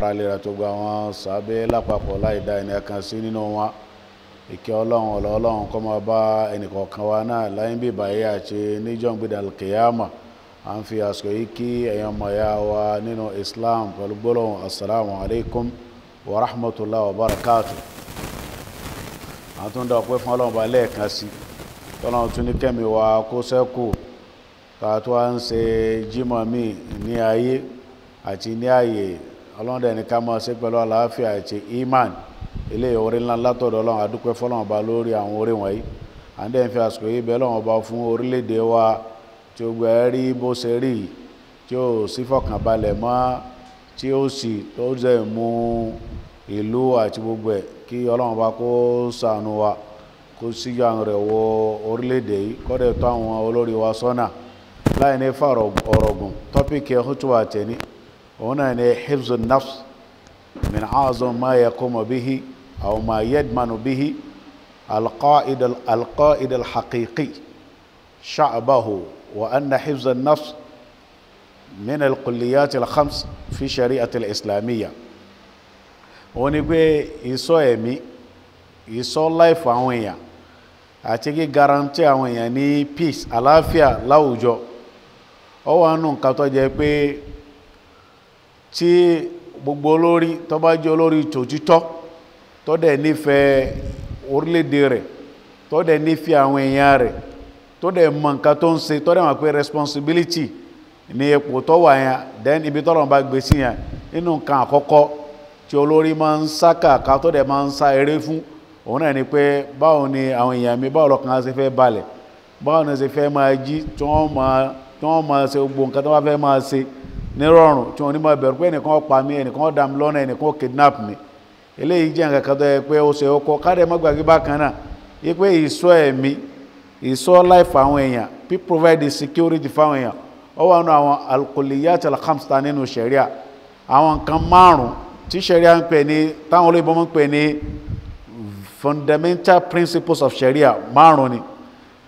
ará lera tó gba àwọn sàbẹ́ lápapọ̀ láì dá ẹni kan sí nínú wọn ìkẹ́ ọlọ́run ọ̀lọ́ ọlọ́run kọ́ máa bá ẹnìkọ̀ọ̀kan wa náà láyé bí báyé àti níjọ́ gbéra kìyàmà à ń fi àsìkò yìí kí ẹ̀yàn mọ̀yá wa nínú Islam pẹ̀lú gbólóhùn asalaamu alaykum wa rahmatulah wa barakatu à ń tún dá ọpẹ́ fún ọlọ́run bá lẹ́ẹ̀kan sí tọ́lọ́run tún ní kẹ́mi wa kó sẹ́kù ká tó à ń ṣe jímọ̀ míì ní ayé àti ní àyè ọlọ́run dẹ̀ ní ká máa ṣe pẹ̀lú iman ilé orí ńlá látọ̀dọ̀ ọlọ́run adúpẹ́ fọlọ́run ọba lórí àwọn orí wọ̀nyí à ń dẹ̀ ń fi àsìkò yìí bẹ́ẹ̀ lọ́run ọba fún orílẹ̀-èdè wa tí ó gbẹ rí bó ṣe rí tí ó sì fọkànbalẹ̀ mọ́ tí ó sì tó zẹ̀ mú ìlú àti gbogbo ẹ̀ kí ọlọ́run ọba kó ṣàánú wa kó síjú àwọn rẹ̀ wọ orílẹ̀-èdè yìí kọ́dẹ̀ tó àwọn olórí wa sọ́nà láì ní fàrọ̀ ọ̀rọ̀gùn tọ́pìkì ẹ̀ هنا يعني حفظ النفس من أعظم ما يقوم به أو ما يدمن به القائد القائد الحقيقي شعبه وأن حفظ النفس من الكليات الخمس في الشريعه الإسلامية ونبي يسوع مي يسوع لايف أويا àti غارانتي àwọn ني بيس الافيا àlàáfíà láwùjọ ó wà nù nǹkan tí gbogbo olórí tó bá jẹ́ olórí tòtítọ́ tó dẹ̀ nífẹ̀ẹ́ orílẹ̀-èdè rẹ̀ tó dẹ̀ nífẹ̀ẹ́ àwọn èèyàn rẹ̀ tó dẹ̀ mọ̀ nǹkan tó ń ṣe tó dẹ̀ mọ̀ pé responsibility Ni ipò tó wà yẹn then ibi tọ́lọ̀ bá gbé sí yẹn nínú nǹkan àkọ́kọ́ tí olórí máa ń sá kàkà tó dẹ̀ máa ń sá eré fún òun náà ni pé báwo ni àwọn èèyàn mi báwo lọ́kàn ṣe fẹ́ balẹ̀ báwo ni ṣe fẹ́ máa jí tí wọ́n máa ṣe gbogbo nǹkan tó wá fẹ́ máa ṣe nírọ̀rùn tí wọ́n ní máa bẹ̀rù pé ẹnìkan pa mí ẹnìkan dá mi lọ́nà ẹnìkan kidnap mi eléyìí jẹ́ nǹkan kan tó yẹ pé ó ṣe ọkọ káàdẹ̀ má bákan náà yí pé ìṣọ́ ẹ̀mí ìṣọ́ life àwọn èèyàn pí provide security fáwọn èèyàn ó wà nínú àwọn alkuliyat alhamsta nínú sẹ̀ríà àwọn nǹkan márùn-ún tí sẹ̀ríà ń pè ní táwọn olóyìnbó ń pè ní fundamental principles of sẹ̀ríà márùn ni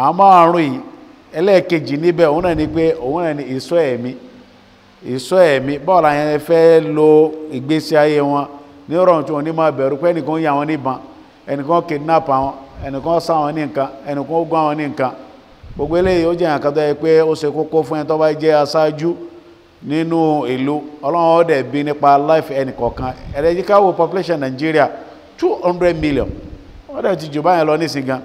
àwọn márùn-ún yìí ẹlẹ́ẹ̀kejì níbẹ̀ òun náà ni pé òun náà ni ìṣọ́ ẹ̀mí ìsọ ẹ̀mí bọ́ọ̀lá yẹn fẹ́ lo ìgbésí ayé wọn ní ọ̀rọ̀ tí wọn ní máa bẹ̀rù pé ẹnìkan yà wọn níbọn ẹnìkan kidnap àwọn ẹnìkan sá wọn ní nǹkan ẹnìkan gún àwọn ní nǹkan gbogbo eléyìí ó jẹ́ àkàtọ́ yẹ pé ó ṣe kókó fún ẹni tó bá jẹ́ aṣáájú nínú ìlú ọlọ́run ó bí nípa life ẹnìkọ̀ọ̀kan ẹ̀rẹ́díkàwò population Nigeria two hundred million ó dẹ̀ ti jù báyẹn lọ nísìnyí gan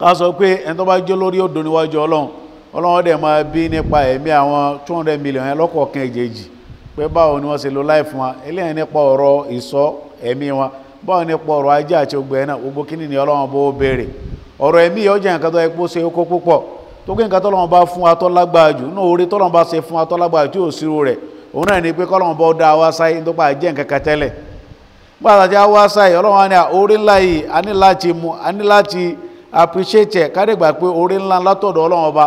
ká sọ pé ẹni tó bá jẹ́ lórí odò níwájú ọlọ́run ọlọ́run dẹ̀ máa bí nípa ẹ̀mí àwọn 200 million ẹlọ́kọ̀ọ̀kan ìjèjì pé báwo ni wọ́n ṣe lo láì fún wa eléyìn nípa ọ̀rọ̀ ìsọ́ ẹ̀mí wọn báwo nípa ọ̀rọ̀ ajé àti ogbẹ̀ náà gbogbo kíní ni ọlọ́run bó béèrè ọ̀rọ̀ ẹ̀mí yóò jẹ́ nǹkan tó yẹ kó ṣe kó púpọ̀ tó gbé nǹkan tọ́lọ́run bá fún wa tó lágbára jù náà orí tọ́lọ́run bá ṣe fún wa tó tí ò sírò rẹ̀ òun náà ni pé kọ́lọ́run bá dá wa sáyé tó pa jẹ́ nǹkan kan tẹ́lẹ̀ gbàdájá wa sáyé ọlọ́run á ní orí ńlá yìí a ní láti mú a ní láti appreciate ẹ̀ ká dẹ̀gbà pé orí ńlá látọ̀dọ̀ ọlọ́run ọba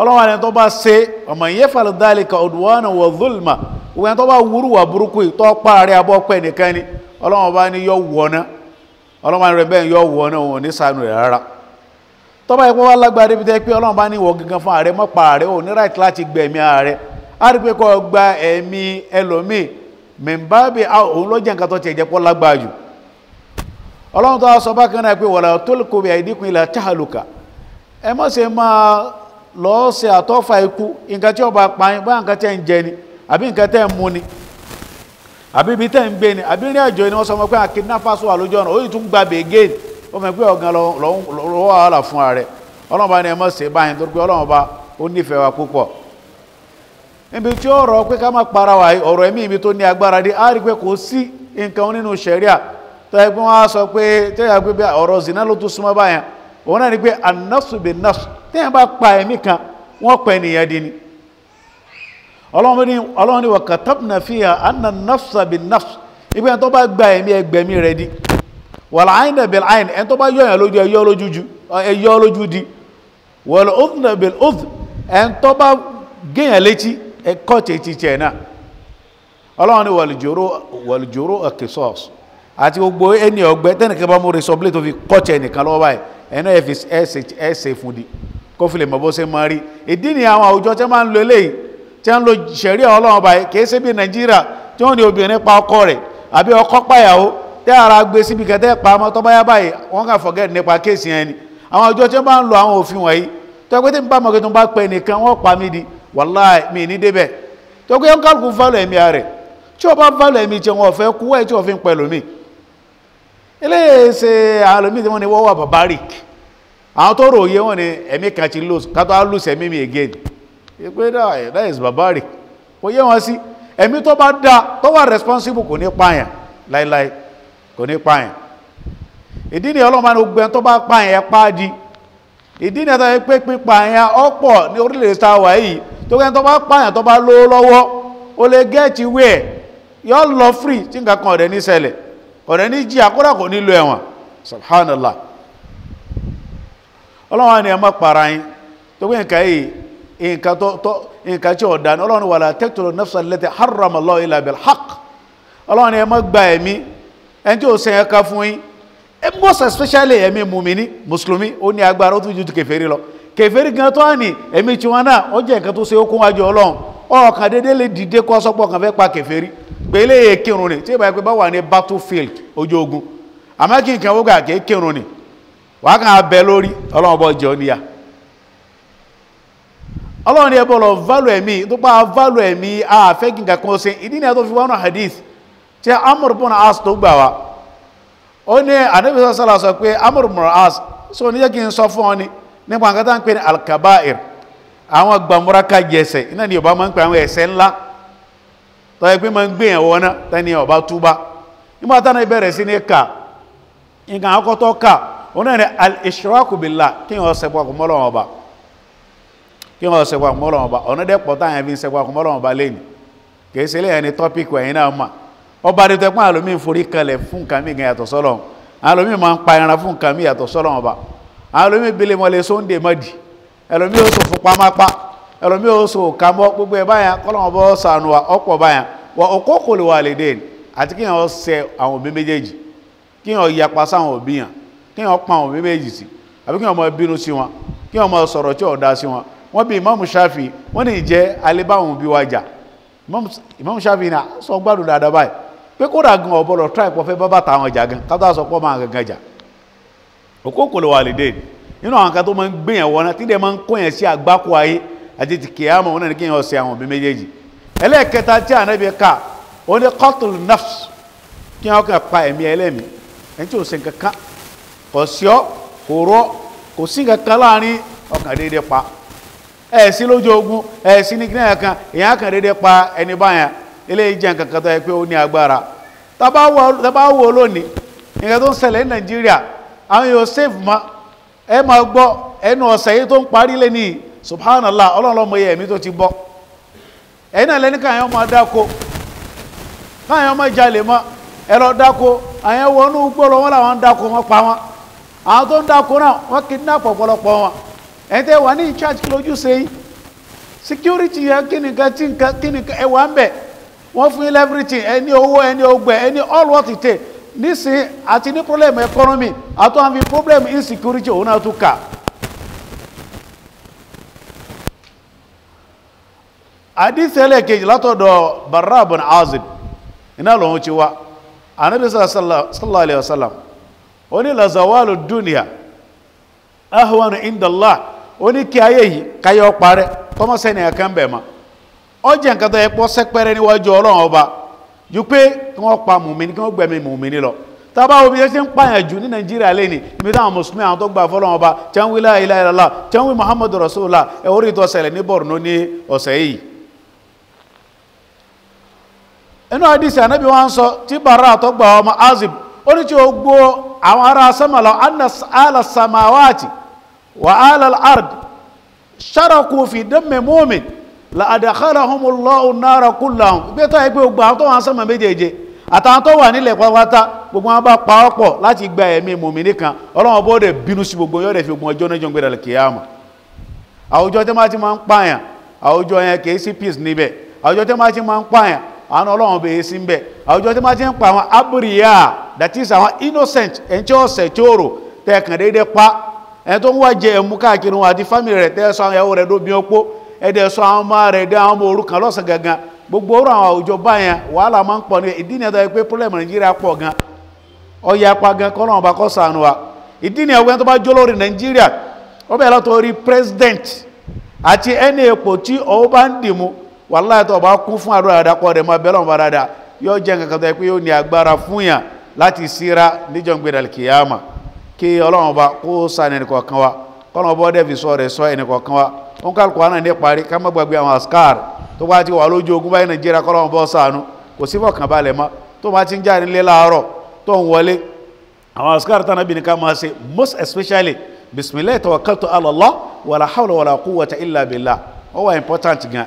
ọlọ́wọ́n ẹni tó bá ṣe ọmọ ìyẹ́ falidalika odùwọ́nà wọ zulma ìwọ̀n tó bá wúrú wà burúkú tó parí abọ́ pẹ́ nìkan ni ọlọ́wọ́n bá ní yọ wọ̀nà ọlọ́wọ́n rẹ̀ bẹ́ẹ̀ yọ wọ̀nà òun ní sànù rẹ̀ rárá tó bá ipò wá lágbára ibi tẹ́ pé ọlọ́wọ́n bá ní wọ gangan fún ààrẹ mọ́pa ààrẹ ò ní right láti gbẹ̀mí ààrẹ á rí pé kọ́ gba ẹ̀mí ẹlòmíì mẹ́ńbàbí òun ló jẹ́ nǹkan tó tiẹ̀ jẹ́ ẹ má ṣe máa lọ́ọ̀sẹ̀ àtọ́fà ikú nǹkan tí ọba pààyàn bá nǹkan tẹ́ ń jẹ ni àbí nǹkan tẹ́ ń mú ni àbí ibi tẹ́ ń gbé ni àbí ní àjò ni wọ́n sọ ọmọ pé àkínáfàsó wà ọ̀nà tún gba bègé ni ó mọ̀ pé ọ̀gán lọ́wọ́ wàhálà fún ààrẹ ọlọ́run bá ní báyìí pé ọlọ́run bá ó nífẹ̀ẹ́ wa púpọ̀ ibi tí ó rọ pé ká má para ọ̀rọ̀ ẹ̀mí ibi tó ní agbára dé ọ̀rọ̀ súnmọ́ òun náà ni pé tẹ́yàn bá pa ẹ̀mí kan wọ́n pẹ̀ nìyàn di ni ọlọ́run ni wa katabna fiha anna nafsa bin nafs ibi ẹni tó bá gba ẹ̀mí ẹgbẹ̀mí rẹ̀ di wal ayna bil ayn ẹni tó bá yọ̀yàn lójú ẹyọ́ lójú di wal udhna bil udhn ẹni tó bá géèyàn létí ẹkọ́ tètè náà ọlọ́run ni wal juruha qisas àti gbogbo ẹni ọgbẹ́ tẹ́nìkan bá mú resọ́bílẹ̀ tó fi kọ́ọ̀tì ẹnìkan lọ́wọ́ báyìí ẹ̀nà ẹ̀fì ẹ̀ṣẹ̀ fún di kófìlè mọ̀ bó ṣe mọ́ rí ìdí ni àwọn àwùjọ tí máa ń lo eléyìí tí wọ́n ń lo ṣẹ̀rí ọlọ́run ọba kìí ṣe bí nàìjíríà tí wọ́n ní obìnrin pa ọkọ rẹ̀ àbí ọkọ pàyàwó tẹ́ ara gbé síbi kẹtẹ́ pa ọmọ tó báyá báyìí wọ́n kàn forget nípa kéèsì yẹn ni àwọn àwùjọ tí máa ń lo àwọn òfin wọ̀nyí tó pé tí n bá mọ̀ kí tó bá pẹ́ nìkan wọ́n pa mí di wàláì mi ní débẹ̀ tó pé ń kálukú fálọ̀ ẹ̀mí rẹ̀ tí o bá fálọ̀ ẹ̀mí tí wọn ò fẹ́ kú ẹ̀ tí òfin pẹ̀lú mi eléyìí ṣe àlòmí tí wọ́n ní wọ́wọ́ barbaric àwọn tó ròyé wọn ni ẹ̀mí kan ti lose kátó á lose ẹ̀mí mi again pé that is barbaric kò yé wọn sí ẹ̀mí tó bá dá tó wà responsible kò ní pààyàn láíláí kò ní pààyàn ìdí ni ọlọ́mọ ní gbogbo ẹni tó bá pààyàn páàdì ìdí ni ẹ̀tọ́ pé pípààyàn ọ̀pọ̀ ní orílẹ̀-èdè sáwà yìí tó kẹ́ni tó bá pààyàn tó bá lówó lọ́wọ́ ó lè gẹ́ẹ̀tì wẹ̀ yọ lọ free tí nǹkan kan ọ̀rẹ́ ní ṣẹlẹ̀ ọ̀rẹ́ ní jí àkúrà kò nílò ẹ̀wọ̀n subhanallah ọlọ́wọ́n ni ẹ má para yín tó gbé nǹkan yìí nǹkan tí ọ̀dá ni ọlọ́wọ́n wala taqtulu nafsa allati harrama Allahu illa bil haqq ọlọ́wọ́n ni ẹ má gba ẹ̀mí ẹni tí ó sẹ́yìn ká fún yín most especially ẹ̀mí mùmíní mùsùlùmí ó ní agbára ó tún ju kèfèrí lọ kèfèrí gan tó wà ní ẹ̀mí tí wọn náà ó jẹ́ nǹkan tó ṣe okun wájú ọlọ́run ọkàn dédé lè dìde kọ́ sọ́pọ̀ kan fẹ́ pa kèfèrí pé eléyè kírun ni tí ìbáyé pé bá wà ní battlefield ojú ogun àmọ́ kí nǹkan wọ́gà kéé kírun ni wà kàn abẹ lórí ọlọ́run bọ́ jọ níyà ni ẹbọ́ lọ ẹ̀mí tó pa válù ẹ̀mí àfẹ́ kí kan ṣe ìdí ni ẹ tó fi wọnú hadith tí amr as tó gbà wá ó ní ànábì sọ́sọ́lá sọ pé amr ibn as sọ ní jẹ́ sọ fún ọ ni nípa nǹkan tá ń pè ní alkabair àwọn iná ni ọba máa ń pè àwọn ńlá tó yẹ pé máa ń gbé yẹn wọná ọba túbá nígbà sí ní nǹkan onáà ni al-ishraku billah kí wọ́n sẹ́pọ̀ àkùnmọ́lọ́wọ́n ọba kí wọ́n sẹ́pọ̀ ọba ọ̀nà dẹ́pọ̀ fi ọba lẹ́ni kìí sílẹ̀ ẹni tọ́pìkì ẹ̀yìn náà mà ọba ni tẹ́pọ̀ forí kalẹ̀ fún kàmí gan yàtọ̀ sọ́lọ́run àlómi máa ń pa ẹran fún kàmí yàtọ̀ sọ́lọ́run ọba mọ́lẹ̀ sóńdè mọ́dì ó kí kí wọ́n pa àwọn méjèèjì sí àbí kí wọ́n bínú sí wọn kí wọ́n máa sọ̀rọ̀ tí sí wọn wọ́n bí Imam Shafi wọ́n ní ìjẹ́ alébáwọn bí wájà Imam Shafi ní sọ gbádùn dáadáa báyìí pé kódà gan ọ̀bọ̀lọ̀ tíráì pọ̀ bá bàtà àwọn ìjà gan kátó àsọ pọ̀ máa gangan jà wà nínú àwọn kan tó máa ń gbìyàn tí máa ń sí àgbákò ayé àti ti kìyàmọ̀ wọn ní kí àwọn òbí méjèèjì ẹlẹ́ẹ̀kẹta tí ká ní kí kàn pa ẹ̀mí tí ò kò sí ọ́ kò rọ́ kò sí nǹkan kan láàrin ọkàn déédéé pa ẹ̀ lójú ogun ẹ̀ ní kíní kan èèyàn kan déédéé pa ẹni báyẹn eléyìí jẹ́ nǹkan kan tó yẹ pé ó ní agbára tá bá wò lónìí nǹkan tó ń ṣẹlẹ̀ ní Nàìjíríà àwọn yóò save ma ẹ máa gbọ́ ẹnu ọ̀sẹ̀ yìí tó ń parí lé ní subhanallah ọlọ́run lọ́mọ yẹ ẹ̀mí tó ti bọ́ ẹ̀yin náà lẹ́ni káyọ̀ máa dáko káyọ̀ máa jalè mọ́ ẹ lọ dáko àyẹ̀wò ọ̀nù gbọ́ lọ wọ́n làwọn dáko wọn pa wọn àwọn tó ń dáko náà wọ́n kidnap ọ̀pọ̀lọpọ̀ wọn ẹ̀ tẹ́ wà ní in kí lójú ṣe security yẹn kí nìkan tí nǹkan kí nìkan ẹ̀ wà ń bẹ̀ wọ́n fún yín everything ẹ ní owó ẹ ní ogbẹ all what it take nísìnyí àti ní problem economy àti wọn fi problem insecurity òun náà tún kà. àdìsí ẹlẹ́ẹ̀kejì látọ̀dọ̀ barra bin azib iná lòun ti wá anabi sallallahu alayhi wa sallam ó ní lazawalu dunia ahwanu indallah ó ní kí ayé yìí káyé ọparẹ́ kọ́mọ́sẹ́ni ẹ̀kan bẹ̀ ma ó jẹ́ nǹkan tó yẹ pọ́ sẹ́pẹ́rẹ́ níwájú ọlọ́run ọba ju pé kí wọ́n pa mùmíní kí wọ́n gbẹ̀mí mùmíní lọ tábà wo bí ẹ ṣe ń pààyàn jù ní nàìjíríà lẹ́ni ibi táwọn mùsùlùmí àwọn tó gba fọlọ́wọn ọba tiẹ́ ń wí la ilaha illallah tiẹ́ ń wí muhammadu rasulullah ẹ̀ orí ìtọ́ ṣẹlẹ̀ ní borno ní ọ̀sẹ̀ yìí. inú àdìsí ànábì wọn sọ tí bàrà àtọ́gbà ọmọ azib ó ní tí ó gbó àwọn ará sánmà lọ ala samawati wa ala al-ard sharaku fi damme mu'min la adakhalahumullahu nara kullahum gbẹ́tọ̀ ẹgbẹ́ ogbà àwọn tó wà sánmà méjèèje àtàwọn tó wà nílẹ̀ pátápátá gbogbo wọn bá pawọ́pọ̀ láti gba ẹ̀mí mùmínì kan ọlọ́wọ́n bó dẹ̀ bínú sí gbogbo yọ́dẹ̀ fi gbogbo ọjọ́ náà jọ ń gbẹ̀rẹ̀ àwùjọ tí wọ́n ti máa ń pààyàn àwùjọ yẹn kìí sí peace níbẹ̀ àwùjọ tí wọ́n ti máa ń pààyàn àánú ọlọ́run bèé sí ń bẹ̀ àwùjọ tí wọ́n ti ń pa àwọn abúrìyà that is àwọn innocent ẹni tí ó sẹ̀ tí ó rò tẹ̀kàn pa ẹni tó ń wá jẹ ẹ̀mú káàkiri wọn àti fámìlì rẹ̀ tẹ́ sọ àwọn ìyàwó rẹ̀ lóbi opó ẹ̀dẹ̀ sọ àwọn ọmọ rẹ̀ dé àwọn ọmọ òrukàn lọ́sàn gangan gbogbo orú àwọn àwùjọ báyẹn wàhálà máa ń pọ̀ ní ìdí nìyẹn tó pé problem nàìjíríà pọ̀ gan ọyẹ apá gan kọ́ náà bá kọ́ sànù wa ìdí nìyẹn wọ́n tó bá jó lórí nàìjíríà ó bẹ̀rẹ̀ látọ̀ orí president àti ẹni èpò tí òun bá ń dìmú wàláhì tó bá kún fún àdúrà dáadáa kọ́ rẹ̀ máa bẹ́lọ̀ bá dáadáa yóò jẹ́ nǹkan kan tó yẹ pé yóò ní agbára fún yàn láti síra níjọ́ gbéra kìyàmà kí ọlọ́run ọba kó ṣàánú ẹnìkọ̀ọ̀kan wa kọ́nà ọba ọdẹ fi sọ rẹ̀ sọ ẹnìkọ̀ọ̀kan wa ó ń kálukú àná ní parí ká má especially bisimilayi tawakkaltu ala Allah wala hawla wala quwwata illa billah ó wà important gan